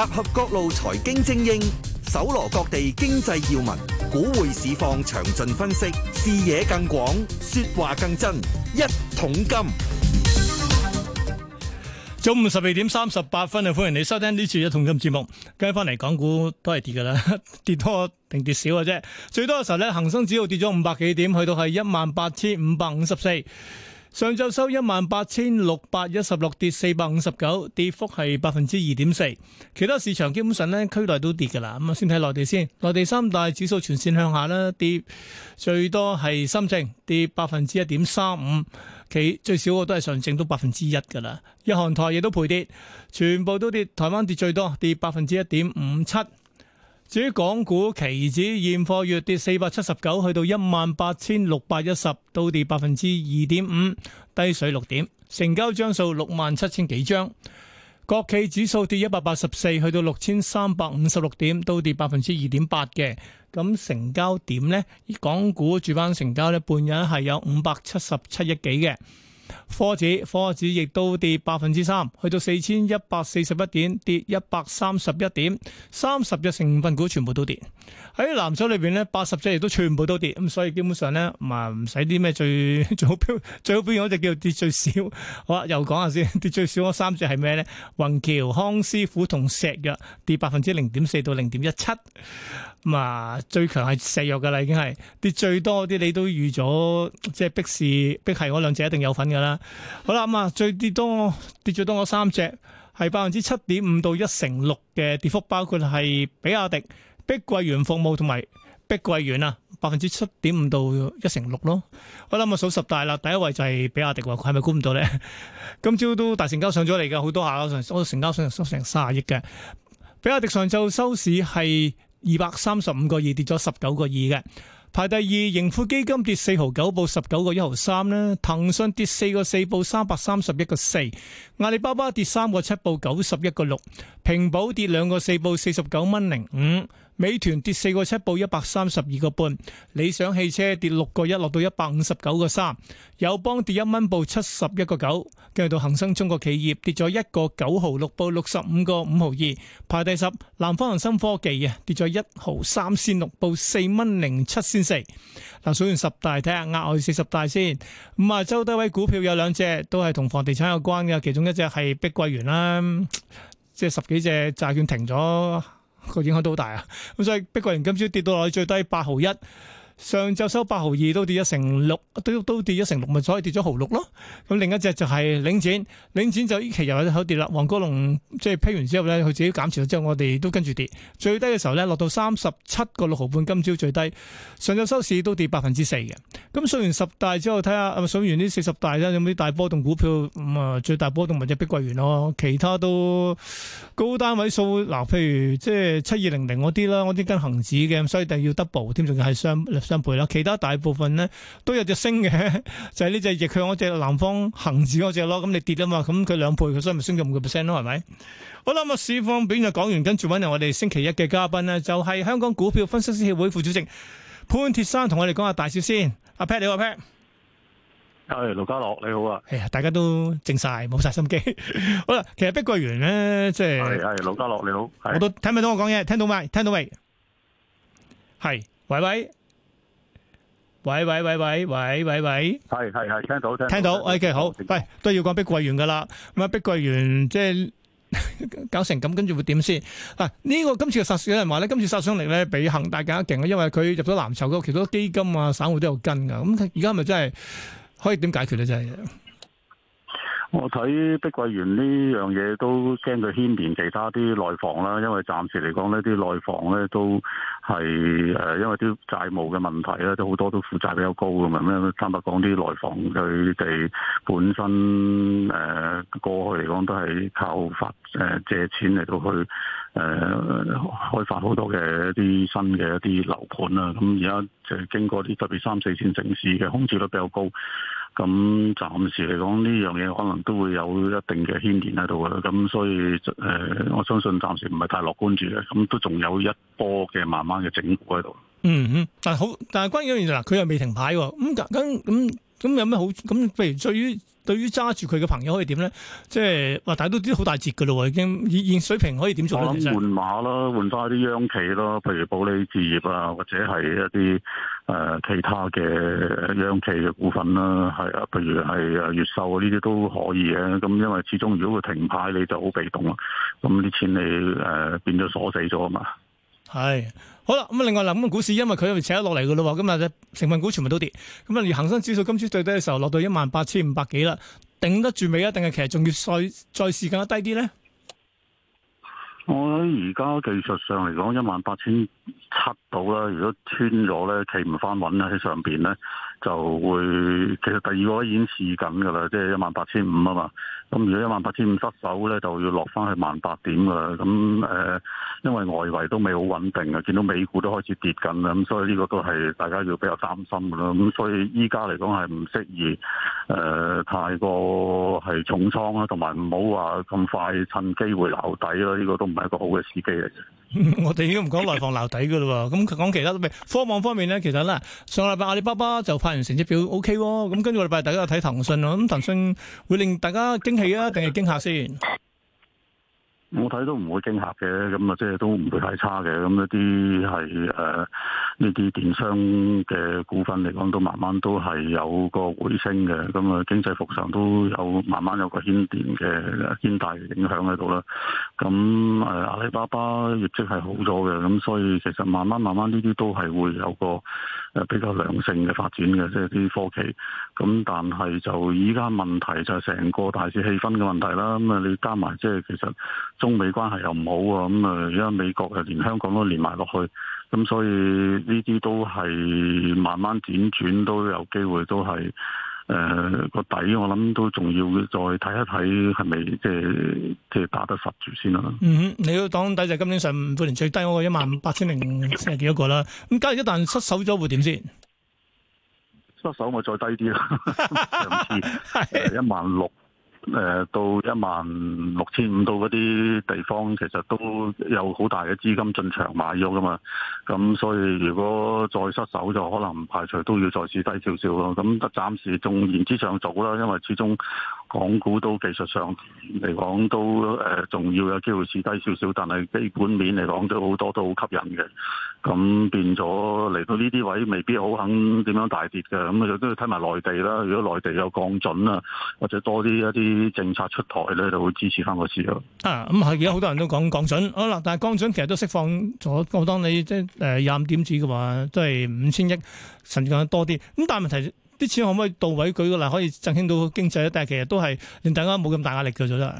集合各路財經精英，搜羅各地經濟要聞，股匯市況詳盡分析，視野更廣，說話更真。一桶金，中午十二點三十八分啊！歡迎你收聽呢次一桶金節目。今日翻嚟講，港股都係跌噶啦，跌多定跌少嘅啫。最多嘅時候咧，恒生指數跌咗五百幾點，去到係一萬八千五百五十四。上晝收一萬八千六百一十六，跌四百五十九，跌幅係百分之二點四。其他市場基本上咧，區內都跌㗎喇。咁啊，先睇內地先。內地三大指數全線向下啦，跌最多係深證跌百分之一點三五，其最少我都係上證都百分之一㗎喇。日韓台亦都陪跌，全部都跌，台灣跌最多，跌百分之一點五七。至於港股期指現貨月跌四百七十九，去到一萬八千六百一十，都跌百分之二點五，低水六點。成交張數六萬七千幾張。國企指數跌一百八十四，去到六千三百五十六點，都跌百分之二點八嘅。咁成交點呢，港股主板成交呢，半日係有五百七十七億幾嘅。科指科指亦都跌百分之三，去到四千一百四十一點，跌一百三十一點，三十隻成分股全部都跌。喺藍籌裏邊呢，八十隻亦都全部都跌。咁所以基本上呢，唔係唔使啲咩最最好表最好表現嗰隻叫跌最少。好啦，又講下先，跌最少嗰三隻係咩呢？雲橋康師傅同石藥跌百分之零點四到零點一七。咁啊，最強係石藥噶啦，已經係跌最多啲，你都預咗即係逼市逼係嗰兩隻一定有份嘅。啦，好啦咁啊，最跌多跌最多嗰三隻係百分之七點五到一成六嘅跌幅，包括係比亞迪、碧桂園服務同埋碧桂園啊，百分之七點五到一成六咯。我諗我數十大啦，第一位就係比亞迪，佢係咪估唔到咧？今朝都大成交上咗嚟嘅，好多下，上我成交上收成卅億嘅。比亞迪上晝收市係二百三十五個億，跌咗十九個億嘅。排第二，盈富基金跌四毫九，報十九個一毫三咧。騰訊跌四個四，報三百三十一個四。阿里巴巴跌三個七，報九十一個六。平保跌兩個四，報四十九蚊零五。美團跌四個七，報一百三十二個半；理想汽車跌六個一，落到一百五十九個三；友邦跌一蚊，報七十一個九。跟住到恒生中國企業跌咗一個九毫六，報六十五個五毫二，排第十。南方恒生科技啊，跌咗一毫三先六，報四蚊零七先四。嗱，數完十大，睇下額外四十大先。咁啊，周低位股票有兩隻，都係同房地產有關嘅，其中一隻係碧桂園啦，即係十幾隻債券停咗。個影響都好大啊！咁所以碧桂園今朝跌到落去最低八毫一。上晝收八毫二都跌咗成六，都都跌咗成六咪所以跌咗毫六咯。咁另一隻就係領展，領展就依期又又跌啦。黃高龍即係批完之後咧，佢自己減持咗之後，我哋都跟住跌。最低嘅時候咧，落到三十七個六毫半。今朝最低，上晝收市都跌百分之四嘅。咁數完十大之後，睇下數完呢四十大咧，有冇啲大波動股票咁啊、嗯？最大波動咪隻碧桂園咯。其他都高單位數，嗱、呃，譬如即係七二零零嗰啲啦，嗰啲跟恒指嘅，所以一定要 double 添，仲要係雙。三倍啦，其他大部分咧都有隻升嘅，就係呢隻逆向嗰隻南方恒指嗰隻咯。咁你跌啊嘛，咁佢兩倍，佢所以咪升咗五個 percent 咯，係咪？好啦，咁啊，市況表現講完，跟住揾嚟我哋星期一嘅嘉賓咧，就係香港股票分析師協會副主席潘鐵珊，同我哋講下大市先。阿 Pat，你好，阿 Pat。係，盧家樂，你好啊。係啊，大家都靜晒，冇晒心機。好啦，其實碧桂園咧，即係。係係，盧家樂你好。我都聽唔到我講嘢，聽到咪？聽到未？係，喂喂。喂喂喂喂喂喂喂，係係係聽到聽到，OK 好，喂到都要講碧桂園噶啦，咁啊碧桂園即係搞成咁，跟住會點先？嗱、啊，呢、呢個今次嘅殺，有人話咧，今次殺傷力咧比恒大更加勁啊，因為佢入咗藍籌，嗰其他基金啊、散戶都有跟噶，咁而家咪真係可以點解決咧？真係。我睇碧桂園呢樣嘢都驚佢牽連其他啲內房啦，因為暫時嚟講呢啲內房呢都係誒、呃，因為啲債務嘅問題咧，都好多都負債比較高噶嘛。咁樣坦白講，啲內房佢哋本身誒、呃、過去嚟講都係靠發誒、呃、借錢嚟到去誒、呃、開發好多嘅一啲新嘅一啲樓盤啦。咁而家就係經過啲特別三四線城市嘅空置率比較高。咁暫時嚟講，呢樣嘢可能都會有一定嘅牽連喺度嘅，咁所以誒、呃，我相信暫時唔係太樂觀住嘅，咁都仲有一波嘅慢慢嘅整固喺度。嗯哼，但係好，但係關鍵原樣佢又未停牌喎，咁咁咁咁有咩好？咁譬如對於，對於揸住佢嘅朋友可以點咧？即係話大家都知好大折嘅咯，已經現水平可以點做咧？我諗換馬啦，換翻啲央企咯，譬如保利置業啊，或者係一啲誒、呃、其他嘅央企嘅股份啦，係啊，譬如係啊越秀啊呢啲都可以嘅。咁因為始終如果佢停牌，你就好被動啦。咁啲錢你誒、呃、變咗鎖死咗啊嘛。係好啦，咁啊另外嗱，咁、那、啊、個、股市因為佢又咪扯咗落嚟噶咯，咁啊今日成份股全部都跌，咁啊而恒生指數今次最低嘅時候落到一萬八千五百幾啦，頂得住未啊？定係其實仲要再再試更加低啲咧？我諗而家技術上嚟講，一萬八千七到啦，如果穿咗咧，企唔翻穩啦喺上邊咧。就會其實第二個已經試緊噶啦，即係一萬八千五啊嘛。咁如果一萬八千五失手咧，就要落翻去萬八點噶啦。咁誒，因為外圍都未好穩定啊，見到美股都開始跌緊啦。咁所以呢個都係大家要比較擔心噶啦。咁所以依家嚟講係唔適宜誒太過係重倉啦，同埋唔好話咁快趁機會留底咯。呢個都唔係一個好嘅時機嚟嘅。我哋已經唔講內房留底噶啦，咁講其他都未。科網方面咧，其實咧上個禮拜阿里巴巴就完成績 OK 嗯、個成績表 O K 喎，咁跟住我禮拜大家睇騰訊咯，咁騰訊會令大家驚喜啊，定係驚嚇先？我睇都唔會驚嚇嘅，咁啊即係都唔會太差嘅，咁一啲係誒。呃呢啲電商嘅股份嚟講，都慢慢都係有個回升嘅，咁啊經濟復常都有慢慢有個牽連嘅牽大嘅影響喺度啦。咁誒阿里巴巴業績係好咗嘅，咁所以其實慢慢慢慢呢啲都係會有個誒比較良性嘅發展嘅，即係啲科技。咁但係就依家問題就係成個大市氣氛嘅問題啦。咁啊你加埋即係其實中美關係又唔好啊，咁啊而家美國又連香港都連埋落去。咁、嗯、所以呢啲都係慢慢輾轉，都有機會都係誒、呃、個底，我諗都仲要再睇一睇，係咪即係即係打得實住先啦。嗯，你要當底就今年上半年最低嗰個一萬八千零四廿幾多個啦。咁假如一旦失手咗，會點先？失手我再低啲啦，一萬六。 呃 16, 誒到一萬六千五到嗰啲地方，其實都有好大嘅資金進場買咗㗎嘛，咁所以如果再失手，就可能唔排除都要再次低少少咯。咁暫時仲言之尚早啦，因為始終。港股都技術上嚟講都誒重、呃、要有機會試低少少，但係基本面嚟講都好多都好吸引嘅。咁變咗嚟到呢啲位，未必好肯點樣大跌嘅。咁又都要睇埋內地啦。如果內地有降準啊，或者多啲一啲政策出台咧，就會支持翻個市咯。啊，咁係而家好多人都講降準，好啦，但係降準其實都釋放咗。我當你即係誒廿五點子嘅話，都係五千億甚至更多啲。咁但係問題。啲錢可唔可以到位？舉個例，可以振興到經濟咧？但係其實都係令大家冇咁大壓力嘅，做得。係。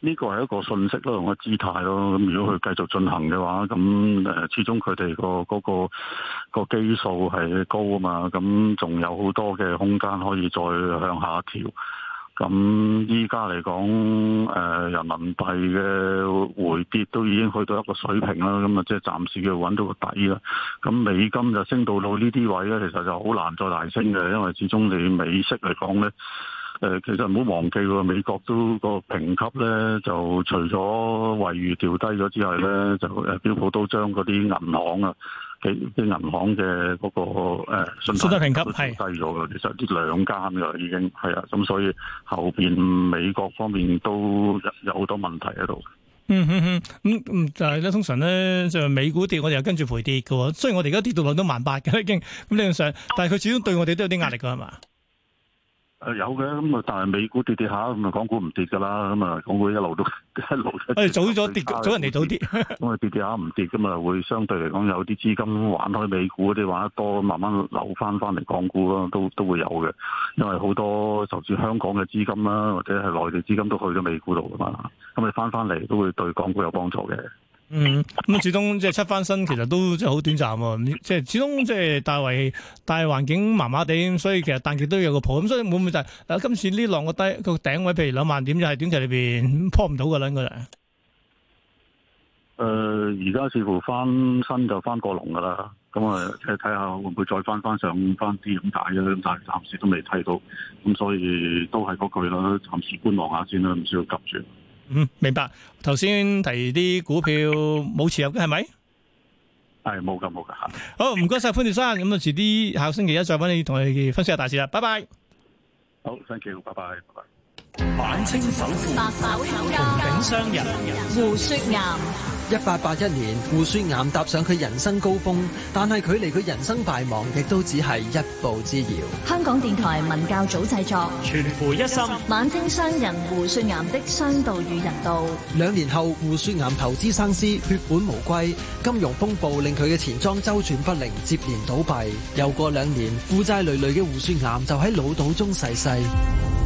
呢個係一個信息咯，用個姿態咯。咁如果佢繼續進行嘅話，咁誒始終佢哋、嗰個嗰、嗰個嗰個基數係高啊嘛，咁仲有好多嘅空間可以再向下調。咁依家嚟講，誒、嗯呃、人民幣嘅回跌都已經去到一個水平啦，咁啊即係暫時要揾到個底啦。咁、嗯、美金就升到到呢啲位咧，其實就好難再大升嘅，因為始終你美息嚟講咧，誒、呃、其實唔好忘記喎，美國都個評級咧就除咗惠譽調低咗之外咧，就誒標普都將嗰啲銀行啊。幾銀行嘅嗰、那個誒、欸、信貸評級低咗嘅，其實啲兩間嘅已經係啊，咁所以後邊美國方面都有好多問題喺度、嗯。嗯哼哼，咁、嗯、但係咧通常咧就美股跌，我哋又跟住陪跌嘅喎。雖然我哋而家跌到落到萬八嘅已經，咁理論上，但係佢始終對我哋都有啲壓力嘅係嘛。誒，有嘅咁啊，但係美股跌跌下咁啊，港股唔跌噶啦，咁啊，港股一路都一路一早咗跌，早咗跌，上早人哋早啲，咁 啊跌跌下唔跌噶嘛，又會相對嚟講有啲資金玩開美股嗰啲玩得多，慢慢流翻翻嚟港股咯，都都會有嘅。因為好多就算香港嘅資金啦，或者係內地資金都去咗美股度噶嘛，咁你翻翻嚟都會對港股有幫助嘅。嗯，咁始終即係出翻身，其實都即係好短暫喎、啊。即係始終即係大圍大環境麻麻地，所以其實彈極都有個破。咁所以會唔會就係，啊今次呢浪個低個頂位，譬如兩萬點，就係短期裏邊破唔到㗎啦，應該。誒、呃，而家似乎翻身就翻過龍噶啦，咁、嗯、啊，睇睇下會唔會再翻翻上翻啲咁大嘅，但係暫時都未睇到，咁、嗯、所以都係嗰句啦，暫時觀望下先啦，唔需要急住。嗯，明白。頭先提啲股票冇持有嘅係咪？係冇噶，冇噶。好，唔該晒潘鐵珊。咁遲啲下個星期一再揾你同你分析下大事啦。拜拜。好，Thank you 拜拜，拜拜。晚清首富、紅頂商人胡雪岩。一八八一年，胡雪岩踏上佢人生高峰，但係距離佢人生敗亡亦都只係一步之遙。香港電台文教組製作，全乎一心。一心晚清商人胡雪岩的商道與人道。兩年後，胡雪岩投資生絲，血本無歸。金融風暴令佢嘅錢莊周轉不靈，接連倒閉。又過兩年，負債纍纍嘅胡雪岩就喺潦倒中逝世，世。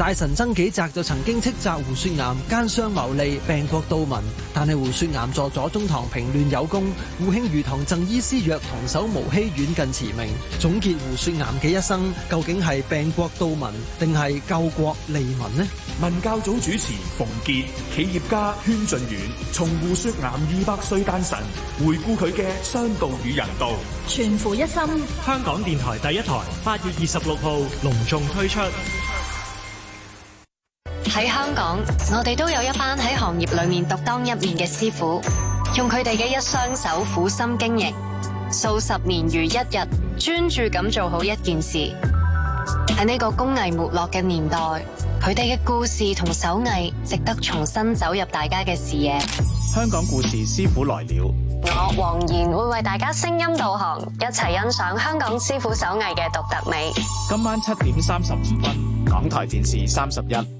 大臣曾紀澤就曾經斥責胡雪岩奸商謀利、病國盜民，但係胡雪岩助左宗棠平亂有功，胡慶餘堂贈醫施藥，童叟無欺，遠近馳名。總結胡雪岩嘅一生，究竟係病國盜民，定係救國利民呢？文教總主持馮傑，企業家軒俊遠，從胡雪岩二百歲誕辰回顧佢嘅商道與人道，全乎一心。香港電台第一台八月二十六號隆重推出。喺香港，我哋都有一班喺行業裏面獨當一面嘅師傅，用佢哋嘅一雙手苦心經營，數十年如一日專注咁做好一件事。喺呢個工藝沒落嘅年代，佢哋嘅故事同手藝值得重新走入大家嘅視野。香港故事，師傅來了。我王然會為大家聲音導航，一齊欣賞香港師傅手藝嘅獨特美。今晚七點三十五分，港台電視三十一。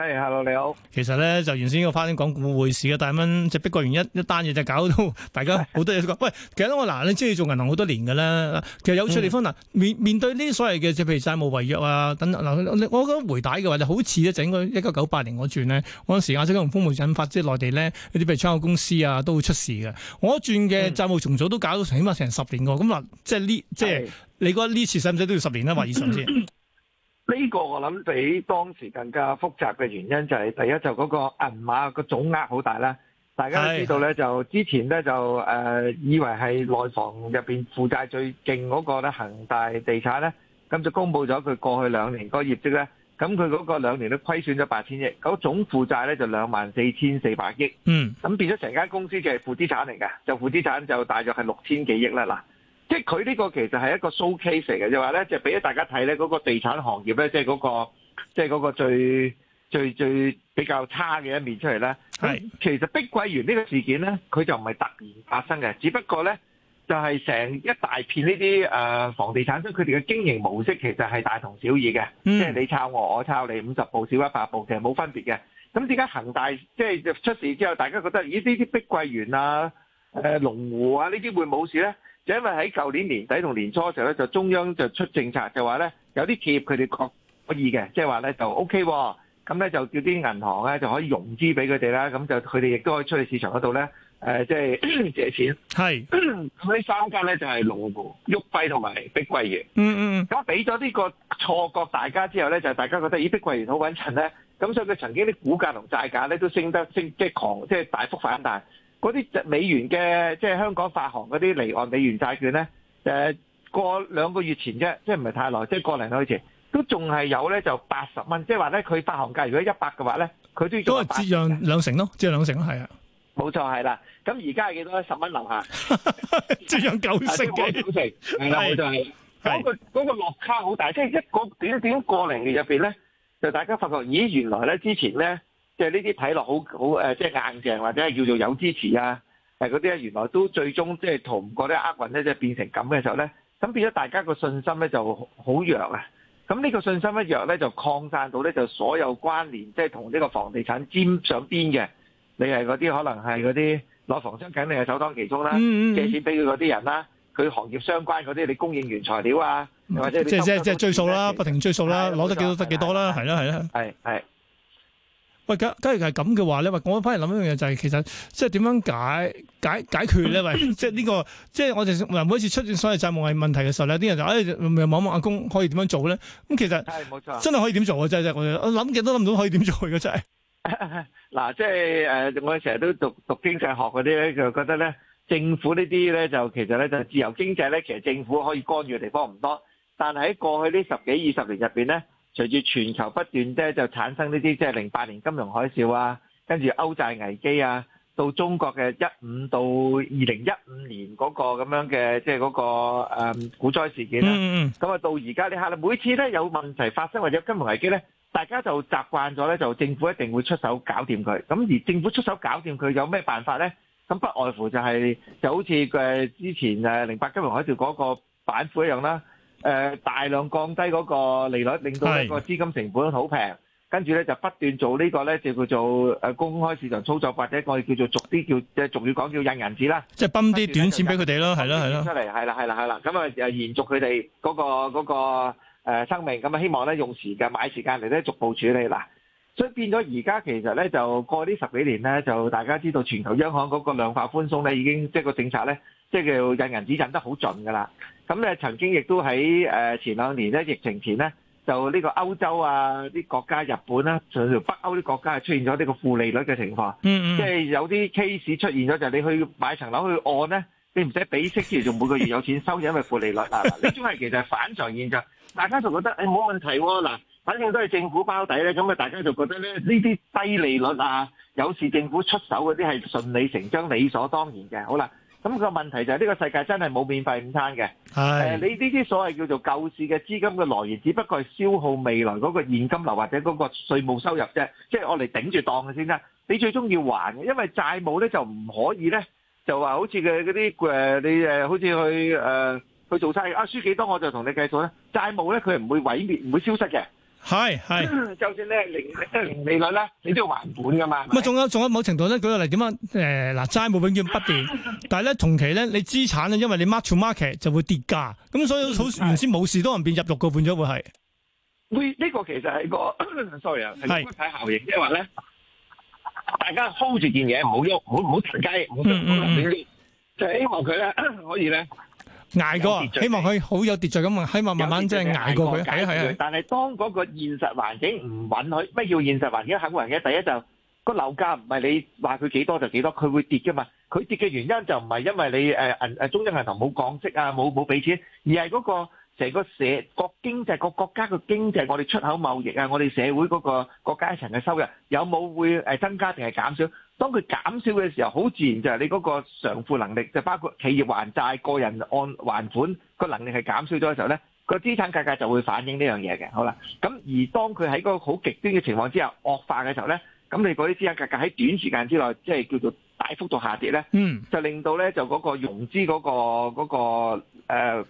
h、hey, e l l o 你好，其實咧就原先呢個花臉講股匯市嘅，但係咁就是碧桂園一一單嘢，就搞到大家好多嘢講。 喂，其實我嗱，你知我做銀行好多年嘅啦。其實有趣地方嗱、嗯，面面對呢啲所謂嘅，即係譬如債務違約啊，等嗱，我覺得回帶嘅話好就好似咧，整個一九九八年我轉呢，嗰陣時亞洲金融風暴引發即係內地咧嗰啲譬如窗口公司啊都會出事嘅。我轉嘅債務重組都搞到起碼成十年個。咁嗱、嗯，即係呢，即係你覺得呢次使唔使都要十年啦，或以上先？呢個我諗比當時更加複雜嘅原因就係第一就嗰、是、個銀碼個總額好大啦，大家都知道咧就之前咧就誒、呃、以為係內房入邊負債最勁嗰個咧恒大地產咧，咁就公佈咗佢過去兩年個業績咧，咁佢嗰個兩年都虧損咗八千億，咁、那個、總負債咧就兩萬四千四百億，嗯，咁變咗成間公司嘅係負資產嚟嘅，就負資產就大約係六千幾億啦嗱。即係佢呢個其實係一個 showcase 嚟嘅，就話、是、咧就俾、是、咗大家睇咧嗰個地產行業咧，即係嗰個即係嗰個最最最比較差嘅一面出嚟啦。係是、嗯、其實碧桂園呢個事件咧，佢就唔係突然發生嘅，只不過咧就係、是、成一大片呢啲誒房地產商佢哋嘅經營模式其實係大同小異嘅，嗯、即係你抄我，我抄你五十步少一百步，其實冇分別嘅。咁點解恒大即係出事之後，大家覺得咦呢啲碧桂園啊？誒、呃、龍湖啊，呢啲會冇事咧？就因為喺舊年年底同年初嘅時候咧，就中央就出政策就，就話咧有啲企業佢哋可可以嘅，即係話咧就 O K，咁咧就叫啲銀行咧、啊、就可以融資俾佢哋啦。咁、嗯、就佢哋亦都可以出去市場嗰度咧，誒即係借錢。係。咁 呢三間咧就係、是、龍湖、旭輝同埋碧桂園。嗯嗯。咁俾咗呢個錯覺大家之後咧，就是、大家覺得咦碧桂園好穩陣咧，咁所以佢曾經啲股價同債價咧都升得升即係狂即係大幅反彈。嗰啲美元嘅，即係香港發行嗰啲離岸美元債券咧，誒、呃、過兩個月前啫，即係唔係太耐，即係個零月前，都仲係有咧，就八十蚊，即係話咧，佢發行價如果一百嘅話咧，佢都仲都係折讓兩成咯，折兩成咯，係啊，冇錯係啦。咁而家係幾多？十蚊樓下，折讓 九成九 成，係啦的，冇錯，係嗰個嗰、嗰個、落差好大，即係一個點點個零嘅入邊咧，就大家發覺，咦，原來咧之前咧。即係呢啲睇落好好誒，即係硬淨或者係叫做有支持啊，誒嗰啲咧原來都最終即係逃唔過啲厄運咧，即係變成咁嘅時候咧，咁變咗大家信個信心咧就好弱啊。咁呢個信心一弱咧，就擴散到咧就所有關聯，即係同呢個房地產沾上邊嘅，你係嗰啲可能係嗰啲攞房商肯定係首當其衝啦，嗯、借錢俾佢嗰啲人啦，佢行業相關嗰啲，你供應原材料啊，或者即即即係追數啦，不停追數啦，攞對得幾多得幾多啦，係啦係啦，係係。喂，咁假如係咁嘅話咧，我反而諗一樣嘢就係其實即係點樣解解解決咧？ 喂，即係、這、呢個即係我哋每一次出現所謂債務係問題嘅時候咧，啲、這個、人就誒望望阿公可以點樣做咧？咁其實係冇錯、啊真，真係可以點做嘅真真，我諗極都諗唔到可以點做嘅真。嗱、啊，即係誒，我成日都讀讀經濟學嗰啲咧，就覺得咧政府呢啲咧就其實咧就自由經濟咧，其實政府可以干預嘅地方唔多，但係喺過去呢十幾二十年入邊咧。隨住全球不斷咧，就產生呢啲即係零八年金融海嘯啊，跟住歐債危機啊，到中國嘅一五到二零一五年嗰個咁樣嘅即係嗰個股、嗯、災事件啦、啊。咁啊、嗯嗯、到而家你睇啦，每次咧有問題發生或者金融危機咧，大家就習慣咗咧，就政府一定會出手搞掂佢。咁而政府出手搞掂佢有咩辦法咧？咁不外乎就係、是、就好似誒之前誒零八金融海嘯嗰個板斧一樣啦。誒大量降低嗰個利率，令到呢個資金成本好平，跟住咧就不斷做呢個咧，就叫做誒公開市場操作或者我哋叫做逐啲叫即係俗語講叫印銀紙啦，即係泵啲短錢俾佢哋咯，係咯係咯，的出嚟係啦係啦係啦，咁啊就延續佢哋嗰個嗰個誒生命，咁啊希望咧用時間買時間嚟咧逐步處理啦。所以變咗而家其實咧就過呢十幾年咧，就大家知道全球央行嗰個量化寬鬆咧已經即係個政策咧。即係叫印銀紙印得好盡㗎啦，咁、嗯、咧曾經亦都喺誒、呃、前兩年咧疫情前咧，就呢個歐洲啊啲國家、日本啦、啊，甚至北歐啲國家係出現咗呢個負利率嘅情況，嗯嗯、即係有啲 case 出現咗，就是、你去買層樓去按咧，你唔使俾息之餘，就每個月有錢收，就因為負利率嗱，呢種係其實反常現象，大家就覺得誒冇、哎、問題喎、啊、嗱，反正都係政府包底咧，咁啊大家就覺得咧呢啲低利率啊，有時政府出手嗰啲係順理成章、理所當然嘅，好啦。咁個問題就係、是、呢、這個世界真係冇免費午餐嘅。誒是、呃，你呢啲所謂叫做救市嘅資金嘅來源，只不過係消耗未來嗰個現金流或者嗰個稅務收入啫。即係我嚟頂住檔嘅先啦。你最終要還嘅，因為債務咧就唔可以咧，就話好似佢嗰啲誒，你誒好似去誒、呃、去做生意啊，輸幾多我就同你計數咧。債務咧佢係唔會毀滅，唔會消失嘅。係係、嗯，就算咧零零利率咧，你都要還本噶嘛。咁啊，仲有仲有某程度咧，舉個例點樣？誒、呃，嗱，債務永遠不變， 但係咧同期咧，你資產咧，因為你 match mark to market 就會跌價，咁所以好原先冇事都可能變入六個半咗，會係。會呢個其實係個 sorry 啊，係屈效應，即係話咧，大家 hold 住件嘢，唔好喐，唔好唔好彈雞，唔好唔好亂跌， 就希望佢咧可以咧。捱過，希望佢好有秩序咁啊！希望慢慢即係捱過佢，係啊，但係當嗰個現實環境唔允許，乜叫現實環境肯唔嘅？第一就是那個樓價唔係你話佢幾多就幾多，佢會跌嘅嘛。佢跌嘅原因就唔係因為你誒銀誒中央銀行冇降息啊，冇冇俾錢，而係嗰個。成個社、個經濟、個國家嘅經濟，我哋出口貿易啊，我哋社會嗰個各階層嘅收入有冇會誒增加定係減少？當佢減少嘅時候，好自然就係你嗰個償付能力，就包括企業還債、個人按還款個能力係減少咗嘅時候咧，個資產價格就會反映呢樣嘢嘅。好啦，咁而當佢喺嗰個好極端嘅情況之下惡化嘅時候咧，咁你嗰啲資產價格喺短時間之內即係叫做大幅度下跌咧，嗯，就令到咧就嗰個融資嗰個嗰個誒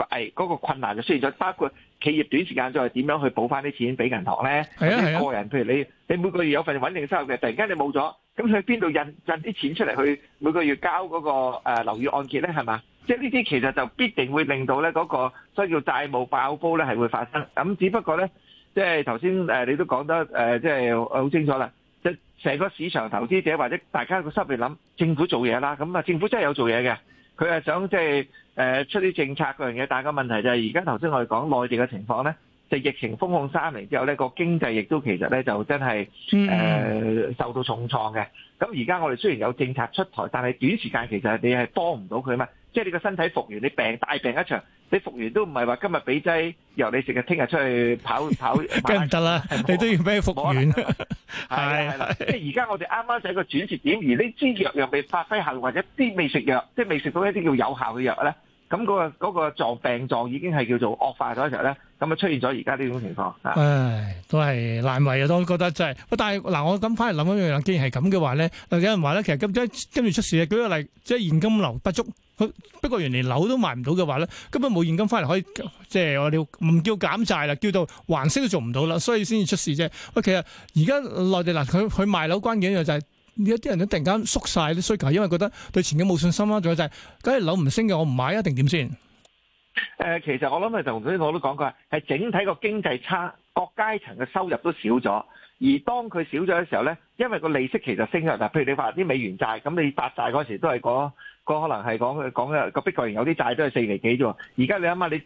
誒嗰、哎那個困難就出現咗，包括企業短時間再點樣去補翻啲錢俾銀行咧，或者、啊啊、個人，譬如你你每個月有份穩定收入嘅，突然間你冇咗，咁佢邊度印印啲錢出嚟去每個月交嗰、那個誒樓宇按揭咧，係、呃、嘛？即係呢啲其實就必定會令到咧、那、嗰個所謂叫債務爆煲咧係會發生。咁只不過咧，即係頭先誒你都講得誒即係好清楚啦。即係成個市場投資者或者大家個心裏諗，政府做嘢啦，咁啊政府真係有做嘢嘅，佢係想即係。誒出啲政策嗰樣嘢，但係個問題就係而家頭先我哋講內地嘅情況咧，就疫情封控三年之後咧，個經濟亦都其實咧就真係誒、呃、受到重創嘅。咁而家我哋雖然有政策出台，但係短時間其實你係幫唔到佢啊嘛，即係你個身體復原，你病大病一場。你復原都唔係話今日俾劑由你食，日聽日出去跑跑唔得啦！ 行行你都要俾佢復原。係啦，即係而家我哋啱啱就係個轉折點，而呢支藥又未發揮效，或者啲未食藥，即係未食到一啲叫有效嘅藥咧。咁嗰個嗰個病狀已經係叫做惡化咗嘅時候咧，咁啊出現咗而家呢種情況。唉，都係難為啊！都覺得真係。喂，但係嗱，我今返嚟諗一樣，既然係咁嘅話咧，有人話咧，其實今即係跟住出事啊。舉個例，即係現金流不足。佢不過原來樓都賣唔到嘅話咧，根本冇現金翻嚟可以，即係我哋唔叫減債啦，叫到還息都做唔到啦，所以先至出事啫。喂，其實而家內地嗱，佢佢賣樓關鍵就係。有啲人都突然間縮晒啲需求，因為覺得對前景冇信心啦。仲有就係、是，梗係樓唔升嘅，我唔買啊，定點先？誒、呃，其實我諗係同佢，我都講過，係整體個經濟差，各階層嘅收入都少咗。而當佢少咗嘅時候咧，因為個利息其實升咗。嗱，譬如你發啲美元債，咁你發債嗰時都係講、那個，個可能係講佢講嘅，那個碧桂園有啲債都係四厘幾啫。而家你諗下，你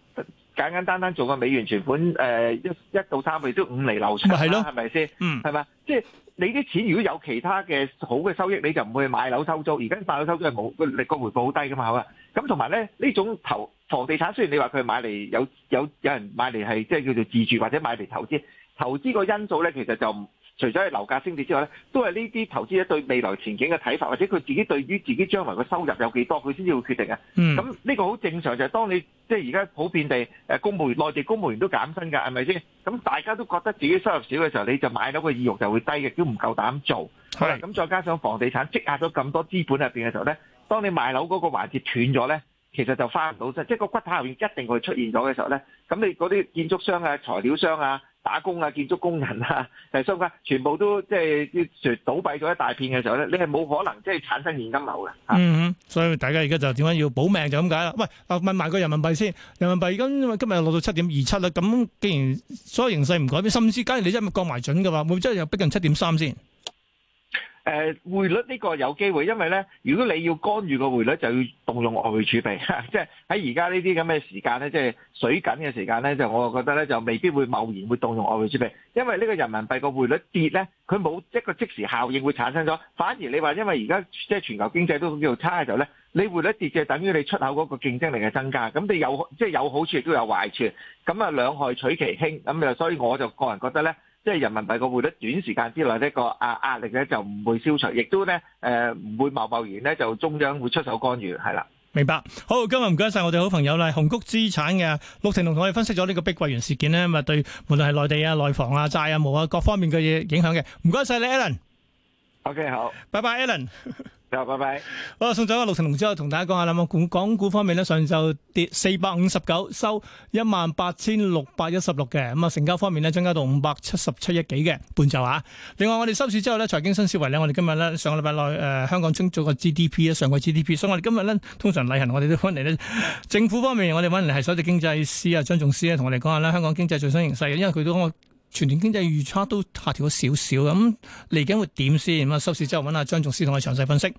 簡簡單單做個美元存款，誒一一到三個月都五厘流場啦，係咪先？吧嗯，係即係。你啲錢如果有其他嘅好嘅收益，你就唔會買樓收租。而家買樓收租係冇個回個回報好低噶嘛，係嘛？咁同埋咧，呢種投房地產雖然你話佢買嚟有有有人買嚟係即係叫做自住或者買嚟投資，投資個因素咧其實就。除咗係樓價升跌之外咧，都係呢啲投資者對未來前景嘅睇法，或者佢自己對於自己將來嘅收入有幾多，佢先至會決定啊。咁呢、嗯、個好正常，就係、是、當你即係而家普遍地誒公務員內地公務員都減薪㗎，係咪先？咁大家都覺得自己收入少嘅時候，你就買樓嘅意欲就會低嘅，都唔夠膽做。係咁是、嗯，再加上房地產積壓咗咁多資本入邊嘅時候咧，當你賣樓嗰個環節斷咗咧，其實就翻唔到身，即、就、係、是、個骨牌入邊一定會出現咗嘅時候咧，咁你嗰啲建築商啊、材料商啊。打工啊，建築工人啊，就相全部都即係啲倒閉咗一大片嘅時候咧，你係冇可能即係產生現金流嘅。嗯，所以大家而家就點解要保命就咁解啦？喂，啊、問埋個人民幣先，人民幣而家今日又落到七點二七啦。咁既然所有形勢唔改變，甚至假如你真係降埋準嘅話，會唔會真係又逼近七點三先？誒、呃、匯率呢個有機會，因為咧，如果你要干預個匯率，就要動用外匯儲備。即係喺而家呢啲咁嘅時間咧，即係水緊嘅時間咧，就我覺得咧，就未必會貿然會動用外匯儲備，因為呢個人民幣個匯率跌咧，佢冇一個即時效應會產生咗。反而你話因為而家即係全球經濟都叫差嘅時候咧，你匯率跌就等於你出口嗰個競爭力嘅增加。咁你有即係有好處亦都有壞處。咁啊兩害取其輕。咁就所以我就個人覺得咧。即係人民幣個匯率短時間之內呢個啊壓力咧就唔會消除，亦都咧誒唔會貿貿然咧就中央會出手干預係啦。明白。好，今日唔該曬我哋好朋友啦，紅谷資產嘅陸成龍同我哋分析咗呢個碧桂園事件咧，咁啊對無論係內地啊、內房啊、債啊、冇啊各方面嘅嘢影響嘅，唔該曬你 Allen。OK，好，拜拜 Allen。好，拜拜。好，送走阿陸承龍之後，同大家講下啦。咁港股方面咧，上晝跌四百五十九，收一萬八千六百一十六嘅。咁啊，成交方面咧，增加到五百七十七億幾嘅半晝啊。另外，我哋收市之後咧，財經新思維咧，我哋今日咧，上個禮拜內誒，香港出咗個 GDP 啊，上個 GDP。所以我哋今日咧，通常例行我哋都翻嚟咧，政府方面我哋揾嚟係首席經濟師啊張仲師咧，同我哋講下咧香港經濟最新形勢，因為佢都我。全年經濟預測都下調咗少少咁，嚟緊會點先？咁啊，收市之後揾阿張總司同我詳細分析。